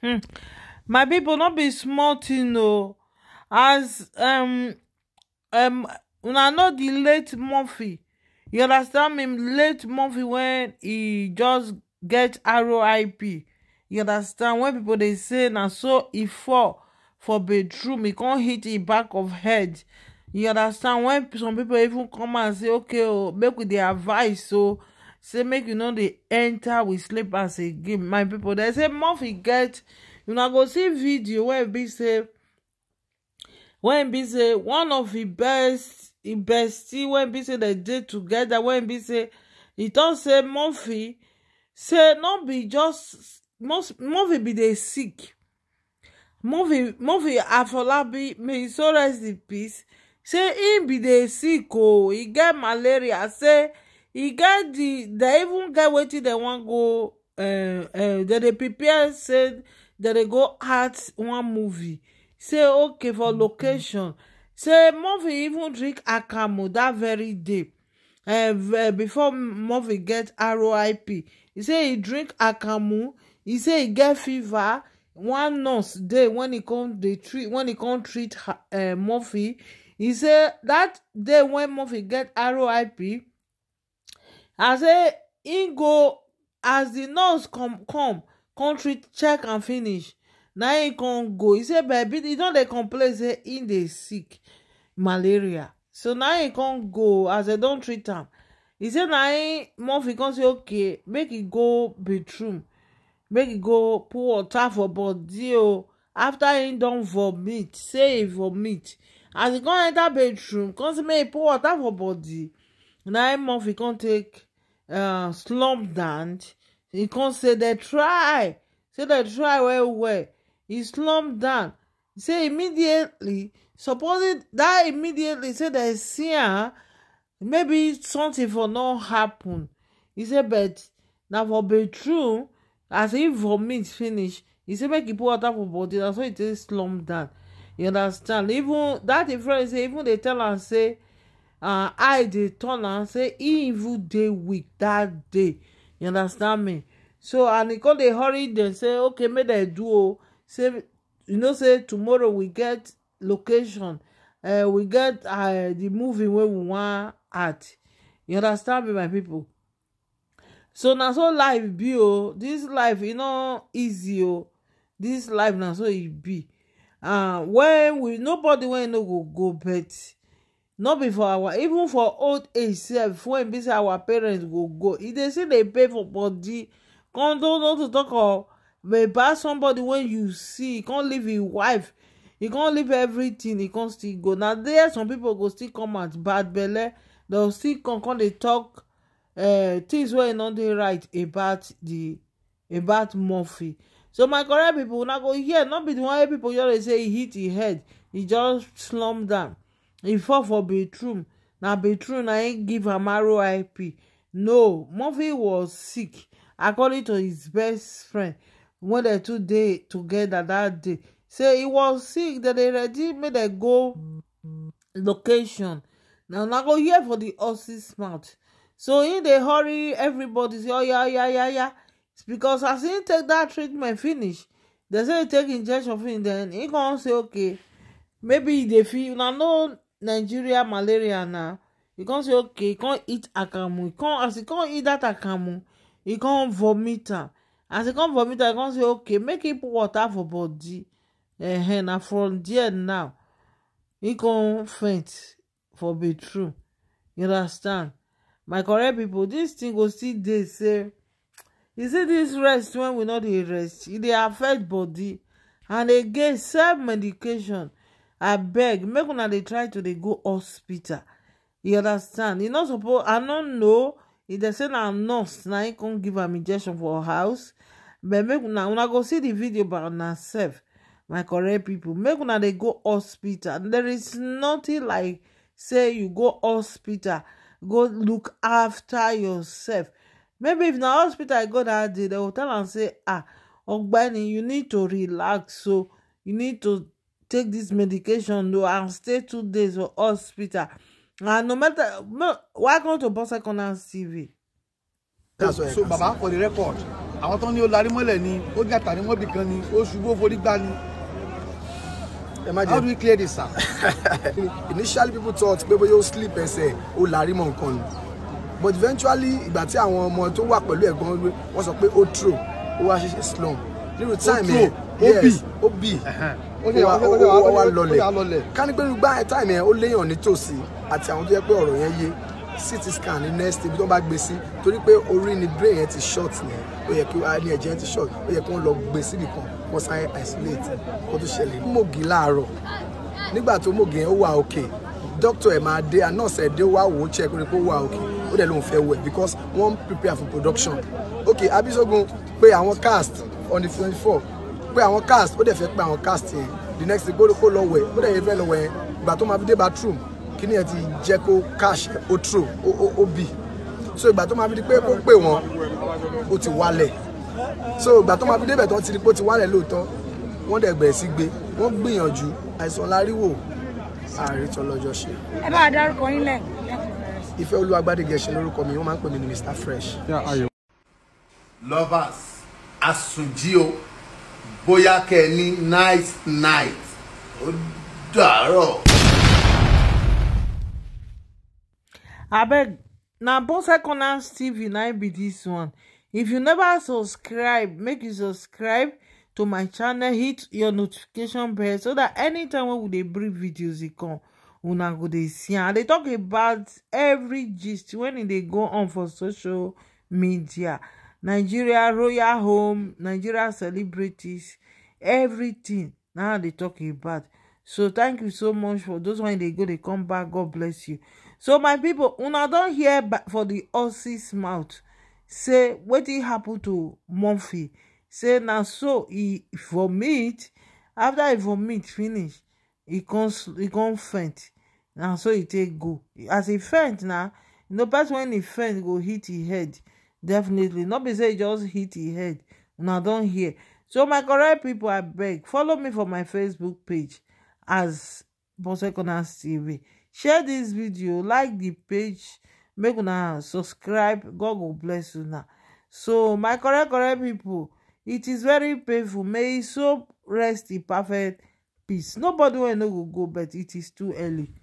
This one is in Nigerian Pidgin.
Hmm, my people not be small ti nou, as, em, em, un anot di late monthi, you understand men, late monthi when e just get R.O.I.P., you understand, when people dey se nan so e fall for betrou, mi e kon hit e back of head, you understand, when some people even come and say, ok, oh, make with the advice, so, say make you no dey enter with slippers again my people. They say murphy e get una go see video wey be say when be say one of the best the bestie When be say they did together. When be say e tok say murphy e, say not be just murphy e be dey sick murphy afolabi may e so rest in peace say im be the sick o oh, e get malaria say e get the. they even get wetin They wan go uh, uh, dem dey prepare say dem dey go act one movie say okay for mm-hmm. location say movie even drink akamu that very day uh, before movie get roip He say he drink akamu He say he get fever one nurse dey when he come dey treat when he come treat uh, eh, murphy He say that day when murphy get roip i say e go as the nurse come come country check and finish Now he can go He say baby he don't dey complain say he dey sick malaria so now he can go as dem don't treat am e say na e murphy can say okay make e go bedroom make e go put water for body o after he don't vomit say he vomit as he con enter bedroom. con say make e put water for body na e murphy con take uh, slump down. He can say dem try say dem try well well he slump down say immediately supposing that immediately say dem see am maybe something for not happen He say but na for true as e vomit finish He say make e put water for body that's why e take slump down you understand even that difference, even dey tell am say and i dey turn am say e even dey weak that day you understand me so and e come dey hurry dem say okay make dem do o say you know say tomorrow we get location uh, we get uh, the movie wey we wan act you understand me my people? so na so life be o this life e no easy o this life na so e be uh, when we nobody wey no go go bet not be for our even for old age sef when be say our parents go go e dey still dey pay for body come don know to talk of maybe somebody wey you see come leave im wife e come leave everything e come still go na there some people go still come out bad belle dem still con con dey talk uh, things wey e no dey right about the about Murphy so my correct people una go hear no be the one wey people just dey say he hit e head He just slump down He fall for bathroom na bathroom na im give am IP. no murphy was sick according to his best friend wen dem two dey together that day say e was sick dem dey ready make dem go location na una go hear for the horses mouth so im dey hurry everybody say oya oh, oya oya oya because as im take that treatment finish dem say e take injection finish Then he come say okay maybe e dey feel una know nigeria malaria na e come say okay e come eat akamu as e come eat dat akamu e come vomit am as e come vomit am e come say okay make e put water for body eh na from there now e come faint for be true, you understand my correct people, this thing go still dey say you see this rest when we no dey rest e dey affect body and again self medication I beg, make una dey try to dey go hospital you understand You no suppose i no know e dey say na nurse na he come give am injection for house but make una una go see the video by una my correct people, make una dey go hospital there is nothing like say you go hospital go look after yourself maybe if na hospital I go dat day dem go tell am say ah ogbeni you need to relax so you need to take this medication no and stay two days for hospital and no matter Why welcome to Bose Corners TV. so baba for the record I want ní ó larí mọ́lẹ̀ ni ó jàtà ní mọ́bì kan ni ó ṣubú ó Imagine. How do we clear this, sir? Initially, people thought pé bóyá ó sleep ẹsẹ̀ ó larí mọ́ nǹkan ni but eventually ìgbà more to work, but we pẹ̀lú ẹ̀gbọ́n wọ́n what's pé oh true ó wá ṣe slum nírú time yẹn ó bì ó bì ó wá lọlẹ̀ ká ní pé gbá táìmù yẹn ó léèyàn nítòsí àti àwọn tó yẹ pé ọ̀rọ̀ yẹn yé ct scan ní next ibi tí wọ́n bá gbé sí torí pé orí ni brain yẹn ti short yẹn ó yẹ kí ní ẹ̀jẹ̀ yẹn ti short ó yẹ kí wọ́n lọ gbé síbi kan wọ́n sáré isolate kó tó ṣẹlẹ̀ mògì láàárọ̀ nígbà tó mògì yẹn ó wà òkè doctor ẹ̀ máa dé and nurse ẹ̀ dé wá wò ó check ó rí pé ó wà òkè ó dẹ̀ lóun fẹ́ wẹ̀ because wọ́n prepare for production Okay. Abisogun pé àwọn cast on the twenty four pe àwọn cast ó dẹ̀ fẹ́ pe àwọn cast yẹn the next day kó lọ wẹ̀ ó dẹ̀ yẹ fẹ́ lọ wẹ̀ ìgbà tó máa fi dé bathroom kíní ẹ̀ ti jẹ́ kó cash ó true ó bì so ìgbà tó máa fi di pé kó pè wọ́n ó ti wálẹ̀ so ìgbà tó máa fi débẹ̀ tó ti di pé ó ti wálẹ̀ lóòótọ́ wọ́n dẹ̀ bẹ̀rẹ̀ sí gbé wọ́n gbìyànjú àìsàn láríwò àrètò lọ́jọ́ ṣe. ẹ bá a dárúkọ yín lẹ. ìfẹ́ olúwa Gbádégẹṣin lórúkọ mi wọ́n máa ń pè mí ní Mr Fresh. lovers asunjio bóyá kẹ́ ẹ ní nice night ó dàárọ̀. abeg na bose corners tv na be dis one if you never subscribe make you subscribe to my channel hit your notification bell so that anytime wey we dey bring videos e come una go dey see am i dey talk about every gist when e dey go on for social media nigeria royal home nigeria celebrities everything na how dey talk about so thank you so much for those one dey go dey come back god bless you so my pipo una don hear for di horses mouth say wetin happen to murphy say na so e vomit after e vomit finish e come faint na so e take go as e faint na no person when e faint go hit e head definitely not. be say just hit e head una don hear so my correct people, I beg follow me for my facebook page as boseconas tv share this video like the page make una subscribe god go bless una so my correct correct people, it is very painful may e so rest in perfect peace nobody wey no go go but it is too early